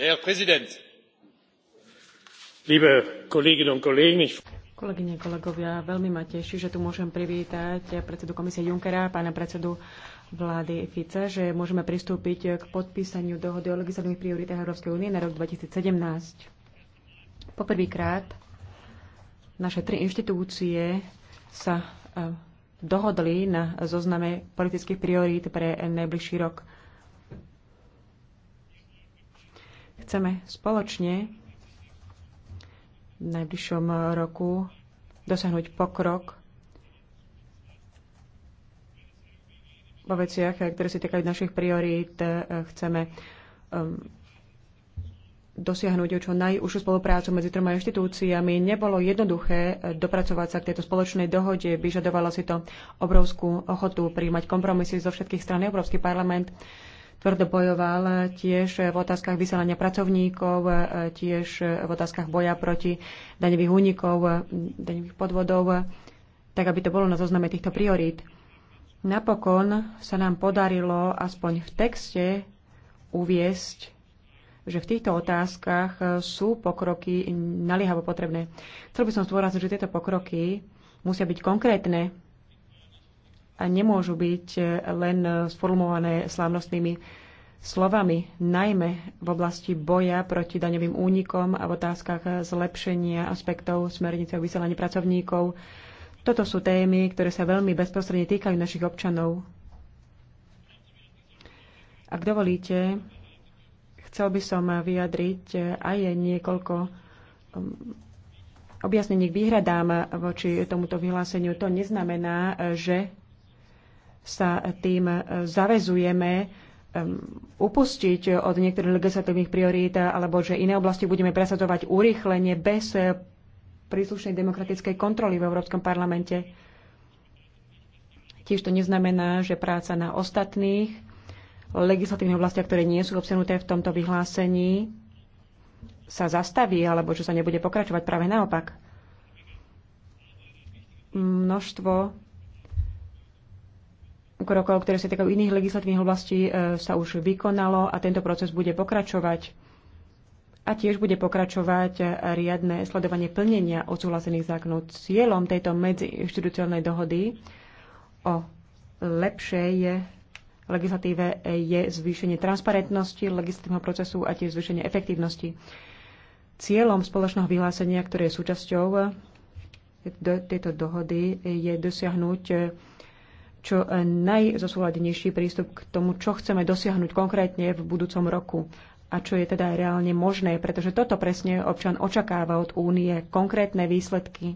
herr präsident liebe kolleginnen und kollegen! kolegyne kolegovia veľmi ma teší že tu môžem privítať predsedu komisie junckera pána predsedu vlády fica že môžeme pristúpiť k podpísaniu dohody o legislatívnych prioritách európskej únie na rok. two thousand and seventeen poprvýkrát naše tri inštitúcie sa e, dohodli na zozname politických priorít pre najbližší rok. Chceme spoločne v najbližšom roku dosiahnuť pokrok vo veciach, ktoré si týkajú našich priorít. Chceme um, dosiahnuť čo najúžšiu spoluprácu medzi troma inštitúciami. Nebolo jednoduché eh, dopracovať sa k tejto spoločnej dohode. Vyžadovalo si to obrovskú ochotu príjmať kompromisy zo všetkých stran. Európsky parlament tvrdo bojoval eh, tiež eh, v otázkach vyselania pracovníkov, tiež v otázkach boja proti daňových únikov, daňových podvodov, tak aby to bolo na zozname týchto priorít. Napokon sa nám podarilo aspoň v texte uviesť že v týchto otázkach eh, sú pokroky naliehavo potrebné. Chcel by som zdôrazniť, že tieto pokroky musia byť konkrétne a nemôžu byť eh, len eh, sformulované slávnostnými slovami, najmä v oblasti boja proti daňovým únikom a v otázkach zlepšenia aspektov smernice o vysielaní pracovníkov. Toto sú témy, ktoré sa veľmi bezprostredne týkajú našich občanov. Ak dovolíte, Chcel by som vyjadriť aj niekoľko um, objasnení k výhradám voči tomuto vyhláseniu. To neznamená, že sa tým zavezujeme um, upustiť od niektorých legislatívnych priorít alebo že iné oblasti budeme presadzovať urýchlenie bez príslušnej demokratickej kontroly v Európskom parlamente. Tiež to neznamená, že práca na ostatných legislatívnych oblastiach, ktoré nie sú obsenuté v tomto vyhlásení, sa zastaví alebo čo sa nebude pokračovať. Práve naopak. Množstvo krokov, ktoré sa týkajú iných legislatívnych oblastí, e, sa už vykonalo a tento proces bude pokračovať. A tiež bude pokračovať riadne sledovanie plnenia odsúhlasených zákonov. Cieľom tejto medziinstitucionálnej dohody o lepšej legislatíve je zvýšenie transparentnosti legislatívneho procesu a tiež zvýšenie efektívnosti. Cieľom spoločného vyhlásenia, ktoré je súčasťou tejto dohody, je dosiahnuť eh, čo eh, najzosúladenejší prístup k tomu, čo chceme dosiahnuť konkrétne v budúcom roku a čo je teda reálne možné, pretože toto presne občan očakáva od únie konkrétne výsledky.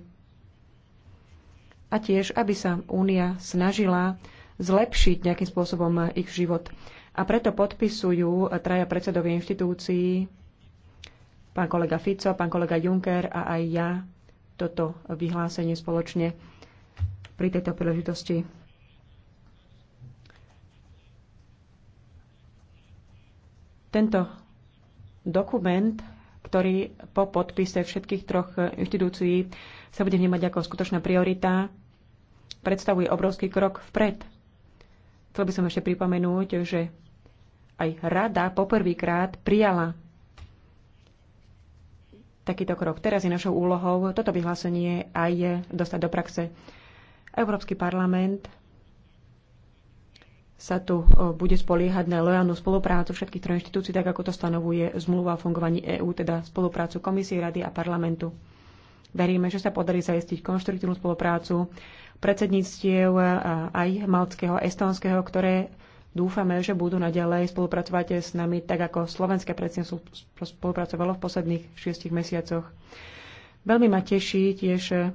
A tiež, aby sa únia snažila zlepšiť nejakým spôsobom ich život. A preto podpisujú traja predsedovia inštitúcií, pán kolega Fico, pán kolega Juncker a aj ja toto vyhlásenie spoločne pri tejto príležitosti. Tento dokument, ktorý po podpise všetkých troch inštitúcií sa bude vnímať ako skutočná priorita, predstavuje obrovský krok vpred Chcel by som ešte pripomenúť, že aj rada poprvýkrát prijala takýto krok. Teraz je našou úlohou toto vyhlásenie aj dostať do praxe. Európsky parlament sa tu bude spoliehať na lojálnu spoluprácu všetkých troch inštitúcií, tak ako to stanovuje zmluva o fungovaní EÚ, teda spoluprácu komisie, rady a parlamentu. Veríme, že sa podarí zaistiť konštruktívnu spoluprácu predsedníctiev aj malckého, estonského, ktoré dúfame, že budú naďalej spolupracovať s nami, tak ako slovenské predsedníctvo spolupracovalo v posledných šiestich mesiacoch. Veľmi ma teší tiež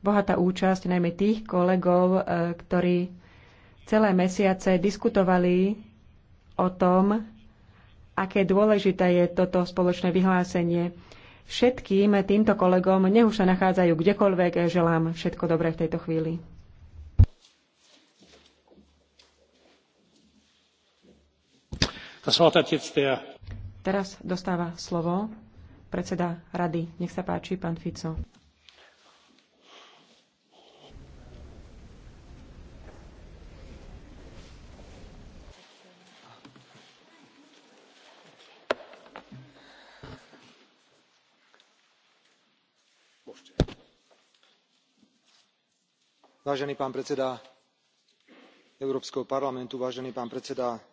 bohatá účasť najmä tých kolegov, e, ktorí celé mesiace diskutovali o tom, aké dôležité je toto spoločné vyhlásenie. Všetkým týmto kolegom, nech už sa nachádzajú kdekoľvek, želám všetko dobré v tejto chvíli. Teraz dostáva slovo predseda rady. Nech sa páči, pán Fico. vážený pán predseda európskeho parlamentu vážený pán predseda komisie vážené kolegyne a kolegovia